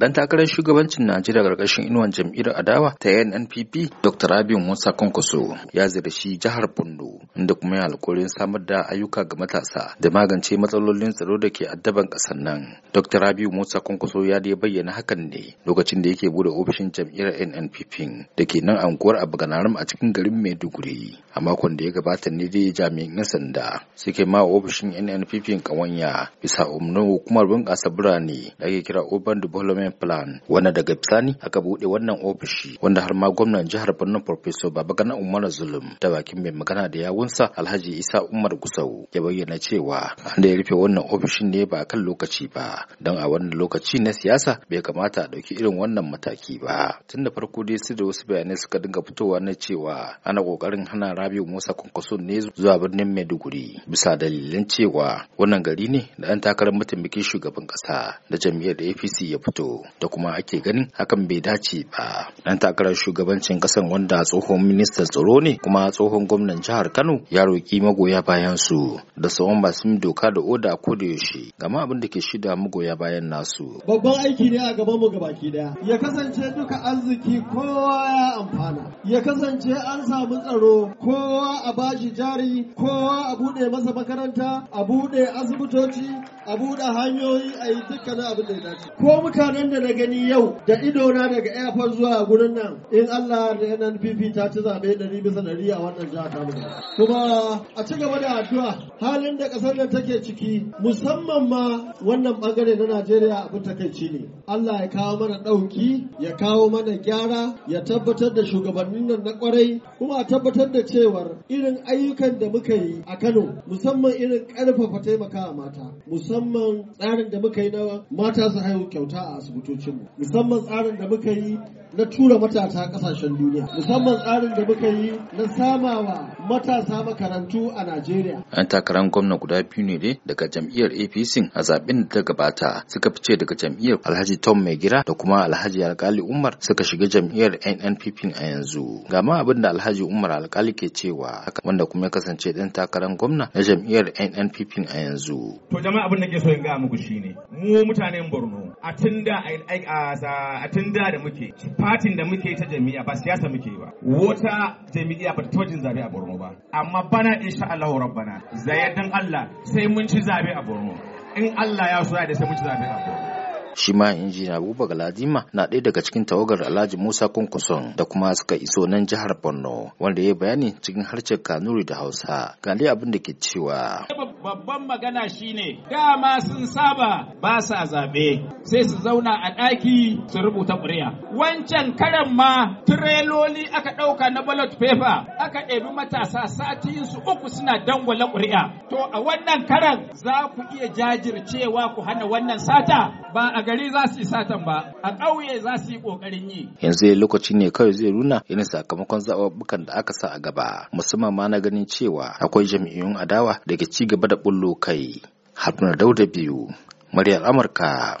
dan takarar shugabancin Najeriya gargashin inuwan jam'iyyar adawa ta NNPP Dr. Rabin Musa Kwankwaso ya ziyarci jihar Bondo inda kuma ya alƙawarin samar da ayyuka ga matasa da magance matsalolin tsaro da ke addaban ƙasar nan. Dr. Rabiu Musa Kwankwaso ya dai bayyana hakan ne lokacin da yake bude ofishin jam'iyyar NNPP da ke nan anguwar Abganaram a cikin garin Maiduguri. A makon da ya gabata ne dai jami'an 'yan sanda suke ma ofishin NNPP kawanya bisa umarnin hukumar bunƙasa birane da ake kira Urban Development Plan wanda daga bisani aka buɗe wannan ofishi wanda har ma gwamnan jihar Borno Professor Babagana Umar Zulum ta bakin mai magana da yawun kansa Alhaji Isa Umar Gusau ya bayyana cewa an da ya rufe wannan ofishin ne ba kan lokaci ba don a wannan lokaci na siyasa bai kamata a ɗauki irin wannan mataki ba. Tun da farko dai su da wasu bayanai suka dinga fitowa na cewa ana kokarin hana Rabiu Musa Kwankwaso ne zuwa birnin Maiduguri bisa dalilan cewa wannan gari ne da an takarar mataimakin shugaban ƙasa da jam'iyyar APC ya fito da kuma ake ganin hakan bai dace ba. Dan takarar shugabancin ƙasar wanda tsohon ministan tsaro ne kuma tsohon gwamnan jihar Kano Kano ya roƙi magoya bayan su da tsawon masu doka da oda ko da yaushe gama abin da ke shida magoya bayan nasu. Babban aiki ne a gaban mu gabaki daya. Ya kasance duka arziki kowa ya amfana. ya kasance an samu tsaro kowa a bashi jari kowa a bude masa makaranta a bude asibitoci a bude hanyoyi a yi dukkanin abin da ya dace ko mutanen da na gani yau da idona daga airport zuwa gurin nan in Allah da NNPP ta ci zabe ɗari bisa ɗari a wannan jiha ta kuma a ci gaba da addu'a halin da ƙasar da take ciki musamman ma wannan bangare na Najeriya abin takaici ne Allah ya kawo mana ɗauki ya kawo mana gyara ya tabbatar da shugabanni nan na kwarai kuma a tabbatar da cewar irin ayyukan da muka yi a Kano musamman irin ƙarfafa taimakawa mata musamman tsarin da muka yi na mata su haihu kyauta a asibitocin mu, musamman tsarin da muka yi na tura matasa kasashen duniya musamman tsarin da muka yi na samawa matasa makarantu a Najeriya. An takaran gwamna guda biyu ne dai daga jam'iyyar APC a zaben da ta gabata suka fice daga jam'iyyar Alhaji Tom Mai Gira da kuma Alhaji Alkali Umar suka shiga jam'iyyar NNPP a yanzu. ga ma abin da alhaji umar alkali ke cewa wanda kuma ya kasance dan takarar gwamna na jam'iyyar nnpp a yanzu to jama'a abin da ke so in ga muku shine mu mutanen borno a tunda a tunda da muke fatin da muke ta jami'a ba siyasa muke ba wata jami'a ba ta tabbatin zabe a borno ba amma bana insha Allah rabbana zayadan Allah sai mun ci zabe a borno in Allah ya so ya da sai mun ci zabe a borno shi ma injiniya Buba Galadima na ɗaya daga cikin tawagar Alhaji Musa Kunkuson da kuma suka iso nan jihar Borno wanda ya bayani cikin harshen Kanuri da Hausa ga dai abin da ke cewa babban magana shine dama sun saba ba sa zabe sai su zauna a ɗaki su rubuta ƙuri'a. Wancan karan ma tireloli aka ɗauka na ballot paper aka ɗebi matasa sati su uku suna dangwala ƙuri'a. To a wannan karan za ku iya jajircewa ku hana wannan sata ba a gari za su yi satan ba a ƙauye za su yi ƙoƙarin yi. Yanzu lokaci ne kawai zai nuna irin sakamakon zaɓuɓɓukan da aka sa a gaba musamman ma na ganin cewa akwai jam'iyyun adawa da ci gaba da bullo kai. Haruna Dauda biyu, muryar Amurka.